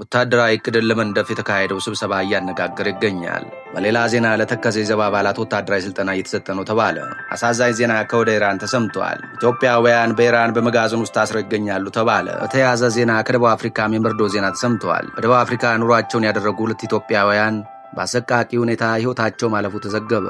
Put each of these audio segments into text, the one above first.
ወታደራዊ እቅድን ለመንደፍ የተካሄደው ስብሰባ እያነጋገር ይገኛል። በሌላ ዜና ለተከዜ ዘብ አባላት ወታደራዊ ስልጠና እየተሰጠ ነው ተባለ። አሳዛኝ ዜና ከወደ ኢራን ተሰምቷል። ኢትዮጵያውያን በኢራን በመጋዘን ውስጥ ታስረው ይገኛሉ ተባለ። በተያያዘ ዜና ከደቡብ አፍሪካም የመርዶ ዜና ተሰምተዋል። በደቡብ አፍሪካ ኑሯቸውን ያደረጉ ሁለት ኢትዮጵያውያን በአሰቃቂ ሁኔታ ሕይወታቸው ማለፉ ተዘገበ።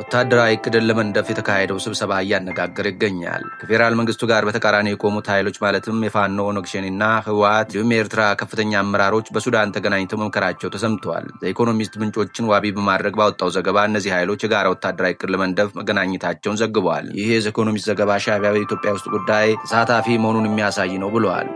ወታደራዊ እቅድን ለመንደፍ የተካሄደው ስብሰባ እያነጋገረ ይገኛል። ከፌዴራል መንግስቱ ጋር በተቃራኒ የቆሙት ኃይሎች ማለትም የፋኖ ኦነግሸኔና ህወሓት እንዲሁም የኤርትራ ከፍተኛ አመራሮች በሱዳን ተገናኝተው መምከራቸው ተሰምተዋል። ዘኢኮኖሚስት ምንጮችን ዋቢ በማድረግ ባወጣው ዘገባ እነዚህ ኃይሎች የጋራ ወታደራዊ እቅድ ለመንደፍ መገናኘታቸውን ዘግበዋል። ይህ የዘኢኮኖሚስት ዘገባ ሻዕቢያ በኢትዮጵያ ውስጥ ጉዳይ ተሳታፊ መሆኑን የሚያሳይ ነው ብለዋል።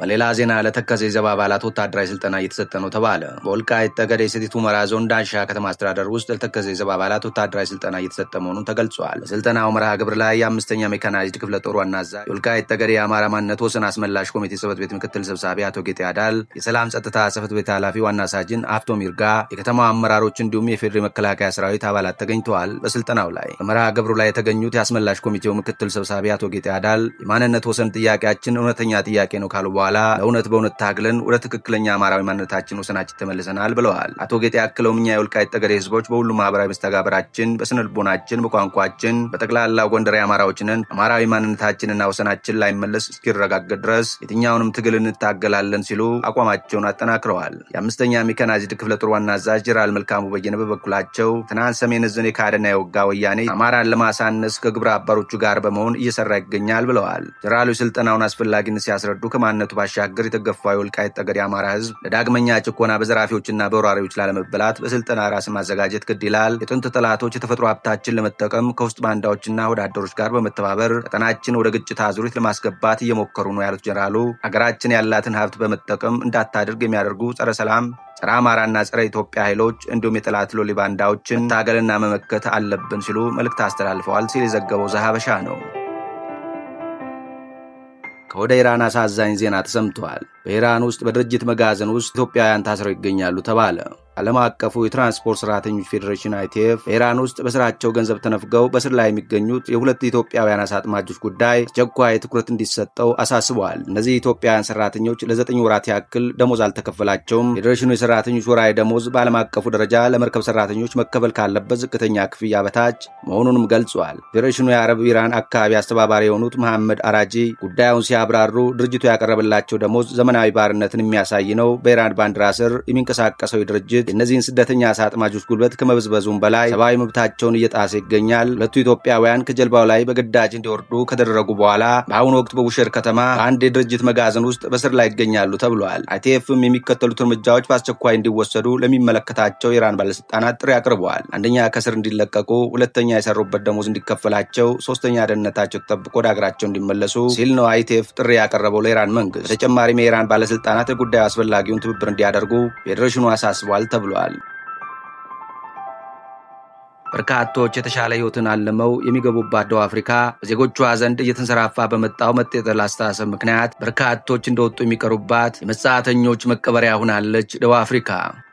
በሌላ ዜና ለተከዘ የዘብ አባላት ወታደራዊ ስልጠና እየተሰጠ ነው ተባለ። በወልቃይት ጠገዴ ሰቲት ሁመራ ዞን ዳንሻ ከተማ አስተዳደር ውስጥ ለተከዘ የዘብ አባላት ወታደራዊ ስልጠና እየተሰጠ መሆኑን ተገልጿል። በስልጠናው መርሃ ግብር ላይ የአምስተኛ ሜካናይዝድ ክፍለ ጦር ዋና አዛዥ፣ የወልቃይት ጠገዴ የአማራ ማንነት ወሰን አስመላሽ ኮሚቴ ጽህፈት ቤት ምክትል ሰብሳቢ አቶ ጌጤ አዳል፣ የሰላም ጸጥታ ጽህፈት ቤት ኃላፊ ዋና ሳጅን አፍቶ ሚርጋ፣ የከተማው አመራሮች እንዲሁም የፌዴሪ መከላከያ ሰራዊት አባላት ተገኝተዋል። በስልጠናው ላይ በመርሃ ግብሩ ላይ የተገኙት የአስመላሽ ኮሚቴው ምክትል ሰብሳቢ አቶ ጌጤ አዳል የማንነት ወሰን ጥያቄያችን እውነተኛ ጥያቄ ነው ካሉ በኋላ በኋላ እውነት በእውነት ታግለን ወደ ትክክለኛ አማራዊ ማንነታችን ወሰናችን ተመልሰናል ብለዋል። አቶ ጌጤ አክለውም እኛ የወልቃይት ጠገዴ ህዝቦች በሁሉም ማህበራዊ መስተጋበራችን፣ በስነልቦናችን፣ በቋንቋችን በጠቅላላ ጎንደሬ አማራዎች አማራዊ ማንነታችንና ወሰናችን ላይመለስ እስኪረጋገጥ ድረስ የትኛውንም ትግል እንታገላለን ሲሉ አቋማቸውን አጠናክረዋል። የአምስተኛ ሜካናይዝድ ክፍለ ጦር ዋና አዛዥ ጀነራል መልካሙ በየነ በበኩላቸው ትናንት ሰሜን እዝን የካደና የወጋ ወያኔ አማራን ለማሳነስ ከግብረ አባሮቹ ጋር በመሆን እየሰራ ይገኛል ብለዋል። ጀነራሉ ስልጠናውን አስፈላጊነት ሲያስረዱ ከማንነቱ ባሻገር የተገፋ የወልቃይት ጠገድ የአማራ ህዝብ ለዳግመኛ ጭኮና በዘራፊዎችና በወራሪዎች ላለመበላት በስልጠና ራስ ማዘጋጀት ግድ ይላል። የጥንት ጠላቶች የተፈጥሮ ሀብታችን ለመጠቀም ከውስጥ ባንዳዎችና ወዳደሮች ጋር በመተባበር ቀጠናችን ወደ ግጭት አዙሪት ለማስገባት እየሞከሩ ነው ያሉት ጀኔራሉ አገራችን ያላትን ሀብት በመጠቀም እንዳታደርግ የሚያደርጉ ጸረ ሰላም ጸረ አማራና ጸረ ኢትዮጵያ ኃይሎች እንዲሁም የጠላት ሎሊ ባንዳዎችን መታገልና መመከት አለብን ሲሉ መልእክት አስተላልፈዋል ሲል የዘገበው ዘሐበሻ ነው። ከወደ ኢራን አሳዛኝ ዜና ተሰምተዋል። በኢራን ውስጥ በድርጅት መጋዘን ውስጥ ኢትዮጵያውያን ታስረው ይገኛሉ ተባለ። ዓለም አቀፉ የትራንስፖርት ሰራተኞች ፌዴሬሽን አይቲኤፍ በኢራን ውስጥ በስራቸው ገንዘብ ተነፍገው በስር ላይ የሚገኙት የሁለት ኢትዮጵያውያን አሳ አጥማጆች ጉዳይ አስቸኳይ ትኩረት እንዲሰጠው አሳስበዋል። እነዚህ ኢትዮጵያውያን ሰራተኞች ለዘጠኝ ወራት ያክል ደሞዝ አልተከፈላቸውም። ፌዴሬሽኑ የሰራተኞች ወራዊ ደሞዝ በዓለም አቀፉ ደረጃ ለመርከብ ሰራተኞች መከፈል ካለበት ዝቅተኛ ክፍያ በታች መሆኑንም ገልጿል። ፌዴሬሽኑ የአረብ ኢራን አካባቢ አስተባባሪ የሆኑት መሐመድ አራጂ ጉዳዩን ሲያብራሩ ድርጅቱ ያቀረበላቸው ደሞዝ ዘመናዊ ባርነትን የሚያሳይ ነው። በኢራን ባንዲራ ስር የሚንቀሳቀሰው ድርጅት የእነዚህን ስደተኛ አሳ አጥማጆች ጉልበት ከመበዝበዙም በላይ ሰብአዊ መብታቸውን እየጣሰ ይገኛል። ሁለቱ ኢትዮጵያውያን ከጀልባው ላይ በግዳጅ እንዲወርዱ ከደረጉ በኋላ በአሁኑ ወቅት በቡሸር ከተማ በአንድ የድርጅት መጋዘን ውስጥ በስር ላይ ይገኛሉ ተብለዋል። አይቲኤፍም የሚከተሉት እርምጃዎች በአስቸኳይ እንዲወሰዱ ለሚመለከታቸው የኢራን ባለስልጣናት ጥሪ አቅርበዋል። አንደኛ ከስር እንዲለቀቁ፣ ሁለተኛ የሰሩበት ደሞዝ እንዲከፈላቸው፣ ሶስተኛ ደህንነታቸው ተጠብቆ ወደ ሀገራቸው እንዲመለሱ ሲል ነው አይቲኤፍ ጥሪ ያቀረበው ለኢራን መንግስት። በተጨማሪም የኢራን ባለስልጣናት የጉዳዩ አስፈላጊውን ትብብር እንዲያደርጉ ፌዴሬሽኑ አሳስቧል። ተብሏል። በርካቶች የተሻለ ህይወትን አልመው የሚገቡባት ደቡብ አፍሪካ በዜጎቿ ዘንድ እየተንሰራፋ በመጣው መጤጠል አስተሳሰብ ምክንያት በርካቶች እንደወጡ የሚቀሩባት የመጻተኞች መቀበሪያ ሁናለች ደቡብ አፍሪካ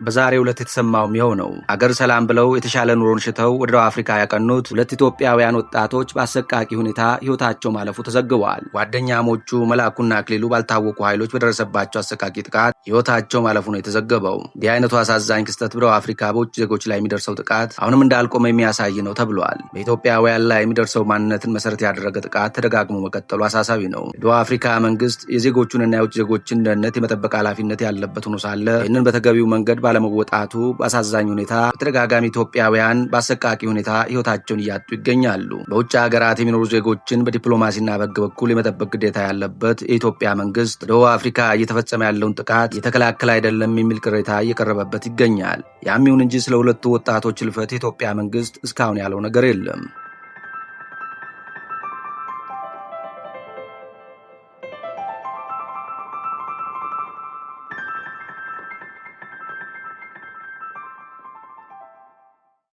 በዛሬ ሁለት የተሰማውም ይኸው ነው። አገር ሰላም ብለው የተሻለ ኑሮን ሽተው ወደ ደቡብ አፍሪካ ያቀኑት ሁለት ኢትዮጵያውያን ወጣቶች በአሰቃቂ ሁኔታ ህይወታቸው ማለፉ ተዘግበዋል። ጓደኛሞቹ መላኩና አክሊሉ ባልታወቁ ኃይሎች በደረሰባቸው አሰቃቂ ጥቃት ህይወታቸው ማለፉ ነው የተዘገበው። እንዲህ አይነቱ አሳዛኝ ክስተት በደቡብ አፍሪካ በውጭ ዜጎች ላይ የሚደርሰው ጥቃት አሁንም እንዳልቆመ እንዳቆመ የሚያሳይ ነው ተብሏል። በኢትዮጵያውያን ላይ የሚደርሰው ማንነትን መሰረት ያደረገ ጥቃት ተደጋግሞ መቀጠሉ አሳሳቢ ነው። የደቡብ አፍሪካ መንግስት የዜጎቹንና የውጭ ዜጎችን ደህንነት የመጠበቅ ኃላፊነት ያለበት ሆኖ ሳለ ይህንን በተገቢው መንገድ ባለመወጣቱ በአሳዛኝ ሁኔታ በተደጋጋሚ ኢትዮጵያውያን በአሰቃቂ ሁኔታ ህይወታቸውን እያጡ ይገኛሉ። በውጭ ሀገራት የሚኖሩ ዜጎችን በዲፕሎማሲና በህግ በኩል የመጠበቅ ግዴታ ያለበት የኢትዮጵያ መንግስት በደቡብ አፍሪካ እየተፈጸመ ያለውን ጥቃት የተከላከለ አይደለም የሚል ቅሬታ እየቀረበበት ይገኛል። ያም ይሁን እንጂ ስለ ሁለቱ ወጣቶች ህልፈት የኢትዮጵያ መንግስት መንግስት እስካሁን ያለው ነገር የለም።